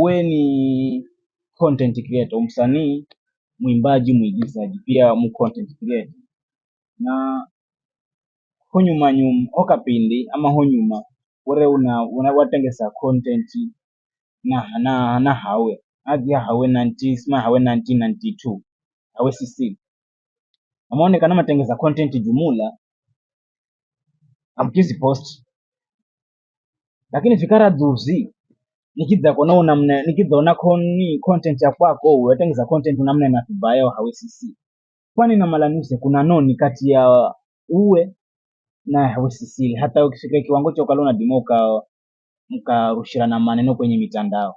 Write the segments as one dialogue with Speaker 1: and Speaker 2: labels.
Speaker 1: uwe ni content creator, msanii, mwimbaji, mwigizaji, pia mu content creator. Na hunyuma nyuma okapindi ama hunyuma ure una, una watengesa content na na na hawe athi hawe 90 sima hawe 1992 hawe sisi amaone kana matengeza content jumula amkizi post lakini fikara dhuzi nikidza kona nikidha nikidzaona koni content ya kwako tengeza content unamna na tubayo hawesisi kwani na malanuse kuna noni kati ya uwe na hawesisi hata ukifika kiwango cha ukalona dimoka na maneno kwenye mitandao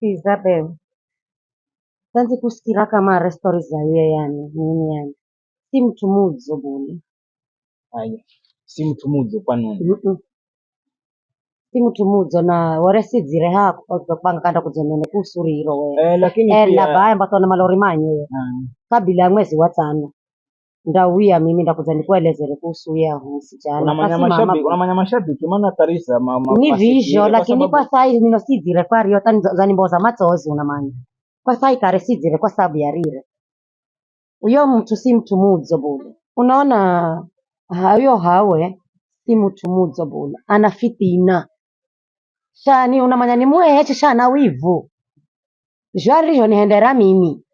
Speaker 2: Isabel tanzi kusikira kama restori za iye yani nini yani si mtu mudzo buli
Speaker 1: aya si mtu mudzo kwa nini mm -mm
Speaker 2: si mtu mmoja na waresidzire hako pakipanga kanda kuzenene kusuriro wena
Speaker 1: eh, lakini eh,
Speaker 2: malori manye ah. kabila ya mwezi wa tano ndauya mimi ndakuza nikuelezere kuhusu ya msichana
Speaker 1: mashabiki kasimama maana Tarisa ni
Speaker 2: masikire, vizho kwa lakini kwa sai sahi minosidzire kwario tanizanimboza matsozi unamanya kwa sahi taresidzire kwa sababu yarire uyo mtu si mtumuzo mudzo unaona hayo hawe si mtu mudzo bula Shani unamanya nimuhehe shana wivu zhwari rizhonihenda mimi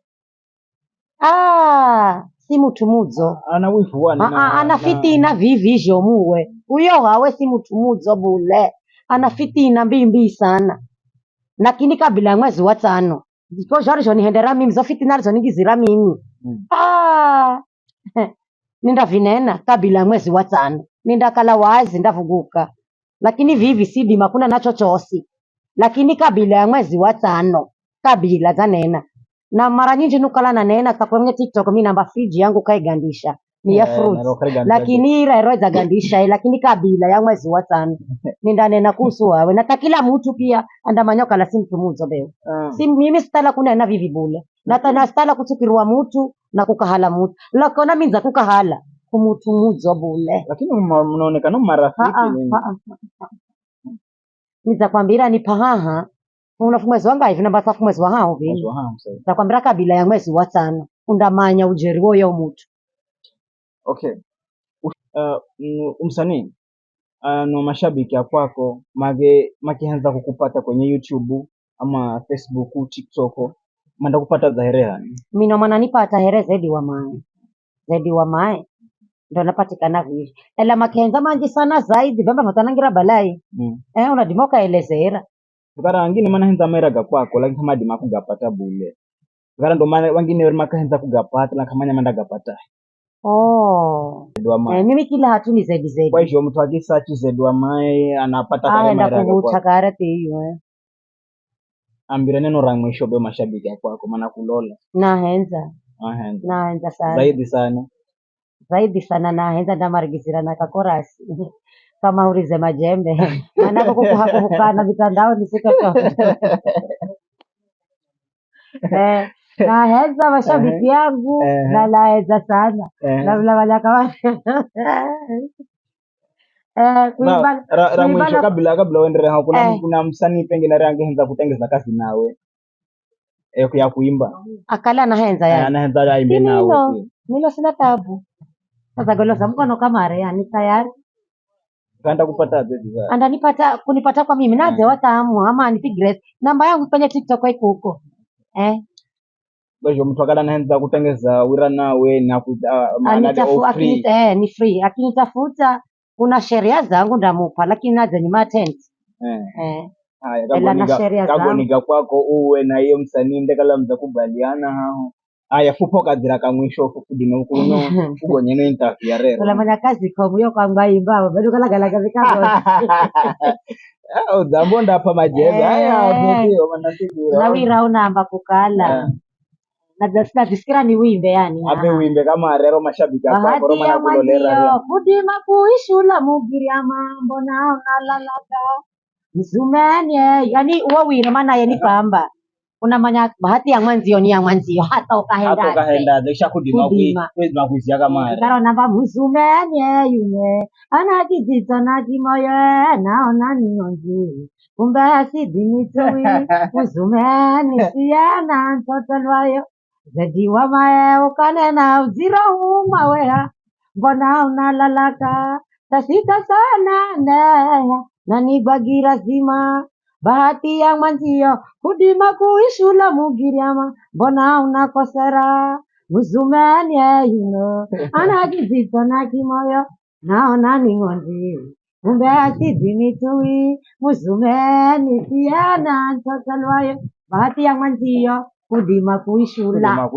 Speaker 2: Ah, si mutu muzo
Speaker 1: ana wivu wana
Speaker 2: na- Aa, vivizho muwe uyo hawe si mutu muzo bule ana mm. fitina mbimbi sana nakini kabila mwezi wa tano ziko zhwari zhonihenda mimi zo fitina rizonigizira mimi Mm. Ah, nindavinena kabila mwezi wa tano nindakala wazi ndavuguka lakini vivi sidima kuna nacho chosi lakini kabila ya mwezi wa tano kabila zanena na mara nyingi nukala na nanena kakwenye tiktok mi namba friji yangu kaigandisha ni ya eh, fruits lakini irero zagandisha eh, lakini kabila ya mwezi wa tano nindanena kuhusu wawe nata kila mtu pia andamanyokala si mtu muzo beu ah. si mimi sitala kunena vivibule na stala kutukirwa mtu na kukahala mtu lakona minza kukahala kumutumuza bule,
Speaker 1: lakini mnaonekana marafiki. Ah, ah,
Speaker 2: Nizakwambira ah, ni pahaha unafu mwezi wangaivi nambasafu mwezi wa hao vini kabila ya mwezi wa tano undamanya ujeri woyo mutu
Speaker 1: okay. Uh, umsanii uh, no mashabiki akwako mage makianza kukupata kwenye YouTube ama Facebook TikTok manda kupata zaherehani
Speaker 2: mino mwananipata here zaidi wa mae zaidi wa mae ndo napatikana vivi ela makenza manji sana zaidi vamba vatanangira balai mm. eh unadimoka elezera
Speaker 1: vikara wangine mana henza mairaga kwako lakini kama dima kugapata bule ukara ndo maana wangine maka henza kugapata na kamanya manda gapata
Speaker 2: Oh. Eh, mimi kila hatu ni zaidi zaidi. Kwa
Speaker 1: hiyo mtu akisachi zedwa mae anapata kama
Speaker 2: mairaga kwako. Ah, nakuvuta hiyo eh.
Speaker 1: Ambira neno ra mwisho be mashabiki kwako mana kulola.
Speaker 2: Na henza. henza. Na henza sana.
Speaker 1: Zaidi sana
Speaker 2: zaidi sana nahenza na kakorasi kama ulize majembe manako kuku hakuhukana mitandao nisikoto eh, naheza mashabiki yangu na nalaheza sana navulavalakawa
Speaker 1: eh, mwisho kabla kabla uendelee hapo eh. kuna msanii pengine rangehenza kutengeza kazi nawe eh, ya kuimba
Speaker 2: akala henza ya
Speaker 1: nahenza yaimbe nawe
Speaker 2: mimi sina tabu sasa mm-hmm. golosa mkono kama ni tayari
Speaker 1: kaenda kupata
Speaker 2: andanipata kunipata kwa mimi naze mm. wataamua ama anipigire namba yangu kwenye TikTok iko huko eh
Speaker 1: bajo mtu akada naanza kutengeza wira nawe na
Speaker 2: eh, ni free akinitafuta kuna sheria zangu ndamupa, lakini naje ni matent
Speaker 1: eh, eh. haya eh. Kaboni kwako uwe na hiyo msanii ndekala mzakubaliana hao Aya fupokathira kamwisho kufudime ukuno ugonye no interview ya rero
Speaker 2: unafanya kazi kamuyo kwambaimba bado kalagalaga
Speaker 1: udhambo ah, ndapa majeza eh, aya
Speaker 2: nawira unaamba kukala eh. nasikisikira ni wimbe yani
Speaker 1: abe ah. wimbe kama rero mashabiki
Speaker 2: akaoromanakudolera fudima kuishula mugiria mambo nao nalalaga msumanie yani uwawire maana yani pamba unamanya bahati ya mwanzio ni ya mwanzio, hata ukaenda
Speaker 1: ukaenda kudima kwezi kama
Speaker 2: ngaro namba musumene yume ana kizizo na kimoyo naona nionji kumbe sidimituwi musumeni siyana mtoto lwayo zediwa mae ukanena uziro huma wea mbona unalalaka tasita sana ndeya nanigwagira zima bahati ya mwanzio, kudima kuishula mugiriama, mbona unakosera muzumani eino anajizita na kimoyo naona ni ng'onzi kumbe asizinitui muzumeni siana ntotalwayo bahati ya mwanzio kudima kuishula